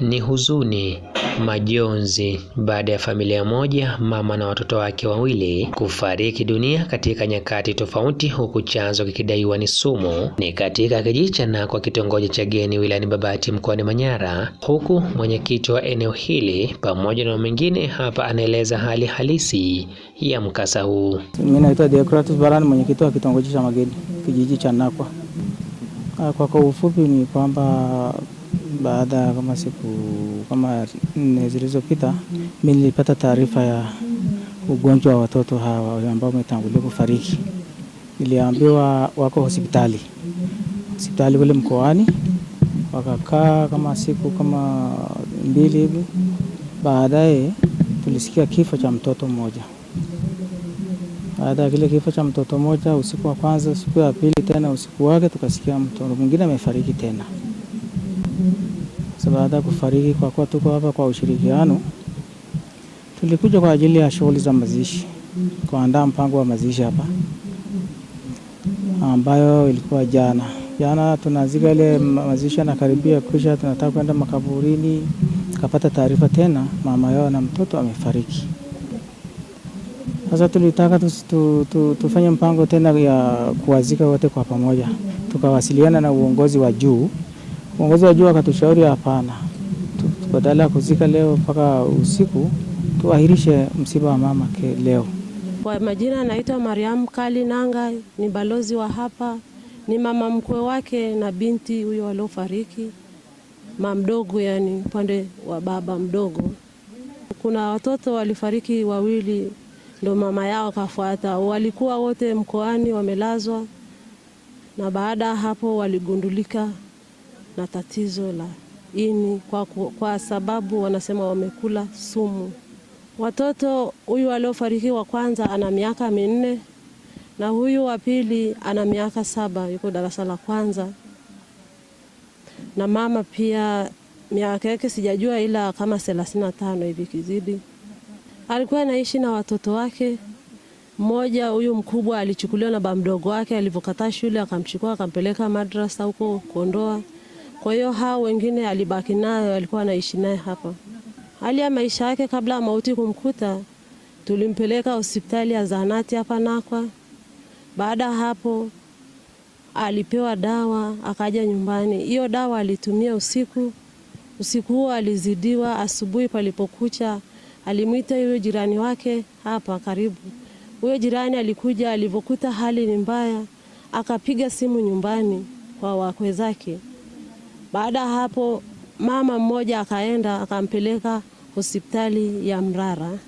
ni huzuni, majonzi baada ya familia moja, mama na watoto wake wawili kufariki dunia katika nyakati tofauti, huku chanzo kikidaiwa ni sumu. Ni katika kijiji cha Nakwa, kitongoji cha Geni, wilayani Babati, mkoani Manyara, huku mwenyekiti wa eneo hili pamoja na mwingine hapa anaeleza hali halisi ya mkasa huu. Mimi naitwa Deokratus Barani, mwenyekiti wa kitongoji cha Mageni, kijiji cha Nakwa. Ah, kwa kwa ufupi ni kwamba baada ya kama siku kama nne zilizopita, mimi nilipata taarifa ya ugonjwa wa watoto hawa ambao umetangulia kufariki. Niliambiwa wako hospitali hospitali kule mkoani, wakakaa kama siku kama mbili hivi. Baadaye tulisikia kifo cha mtoto mmoja. Baada ya kile kifo cha mtoto mmoja, usiku wa kwanza, usiku wa pili tena usiku wake, tukasikia mtoto mwingine amefariki tena. Sasa baada ya kufariki, kwa kuwa tuko hapa kwa ushirikiano, tulikuja kwa ajili ya shughuli za mazishi, kuandaa mpango wa mazishi hapa ambayo ilikuwa jana jana. Tunazika ile mazishi anakaribia kisha tunataka kwenda makaburini, kapata taarifa tena mama yao na mtoto amefariki. Sasa tulitaka tu, tu, tu, tufanye mpango tena ya kuwazika wote kwa pamoja, tukawasiliana na uongozi wa juu Mwongozi wa jua akatushauri hapana, badala ya kuzika leo mpaka usiku, tuahirishe msiba wa mama ke leo. Kwa majina anaitwa Mariam Kali Nanga, ni balozi wa hapa, ni mama mkwe wake na binti huyo waliofariki, mama mdogo, yani upande wa baba mdogo. Kuna watoto walifariki wawili, ndo mama yao kafuata. Walikuwa wote mkoani wamelazwa, na baada ya hapo waligundulika na tatizo la ini kwa, kwa sababu wanasema wamekula sumu. Watoto huyu aliofariki wa kwanza ana miaka minne na huyu wa pili ana miaka saba, yuko darasa la kwanza, na mama pia miaka yake sijajua, ila kama thelathini na tano hivi kizidi. Alikuwa anaishi na watoto wake mmoja huyu mkubwa alichukuliwa na mdogo wake, alivyokataa shule akamchukua akampeleka madrasa huko Kondoa. Kwa hiyo hao wengine alibaki nayo, alikuwa anaishi naye hapa. Hali ya maisha yake kabla ya mauti kumkuta, tulimpeleka hospitali ya zahanati hapa Nakwa. Baada ya hapo alipewa dawa akaja nyumbani. Hiyo dawa alitumia usiku. Usiku huo alizidiwa. Asubuhi palipokucha, alimwita huyo jirani wake hapa karibu. Huyo jirani alikuja, alivyokuta hali ni mbaya, akapiga simu nyumbani kwa wakwe zake. Baada ya hapo, mama mmoja akaenda akampeleka hospitali ya Mrara.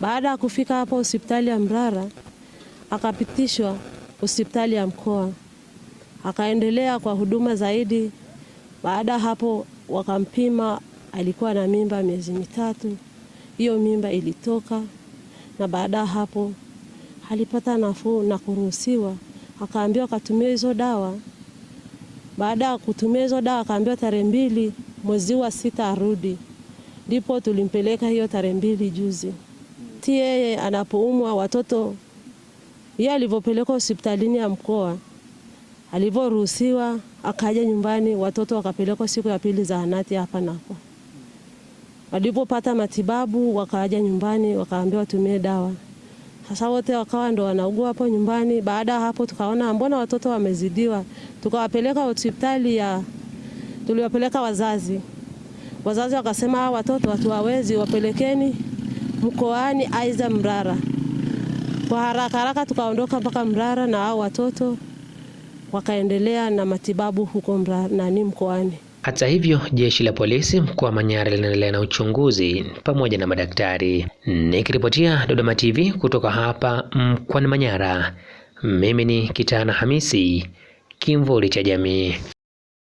Baada ya kufika hapo hospitali ya Mrara, akapitishwa hospitali ya mkoa, akaendelea kwa huduma zaidi. Baada hapo wakampima, alikuwa na mimba miezi mitatu. Hiyo mimba ilitoka, na baada hapo alipata nafuu na kuruhusiwa, akaambiwa akatumia hizo dawa baada ya kutumia hizo dawa akaambiwa tarehe mbili mwezi wa sita arudi, ndipo tulimpeleka hiyo tarehe mbili juzi. Ti yeye anapoumwa watoto, yeye alivyopelekwa hospitalini ya mkoa, alivyoruhusiwa akaja nyumbani, watoto wakapelekwa siku ya pili zahanati hapa nako walipopata matibabu wakaja nyumbani, wakaambiwa watumie dawa. Sasa wote wakawa ndo wanaugua hapo nyumbani. Baada ya hapo, tukaona ah, mbona watoto wamezidiwa, tukawapeleka hospitali ya tuliwapeleka wazazi, wazazi wakasema hawa watoto hatuwawezi, wapelekeni mkoani aiza Mrara. Kwa haraka haraka tukaondoka mpaka Mrara na hao watoto wakaendelea na matibabu huko Mrara nani mkoani. Hata hivyo jeshi la polisi mkoa wa Manyara linaendelea na uchunguzi pamoja na madaktari. Nikiripotia Dodoma TV kutoka hapa mkoani Manyara, mimi ni Kitana Hamisi kimvuli cha jamii.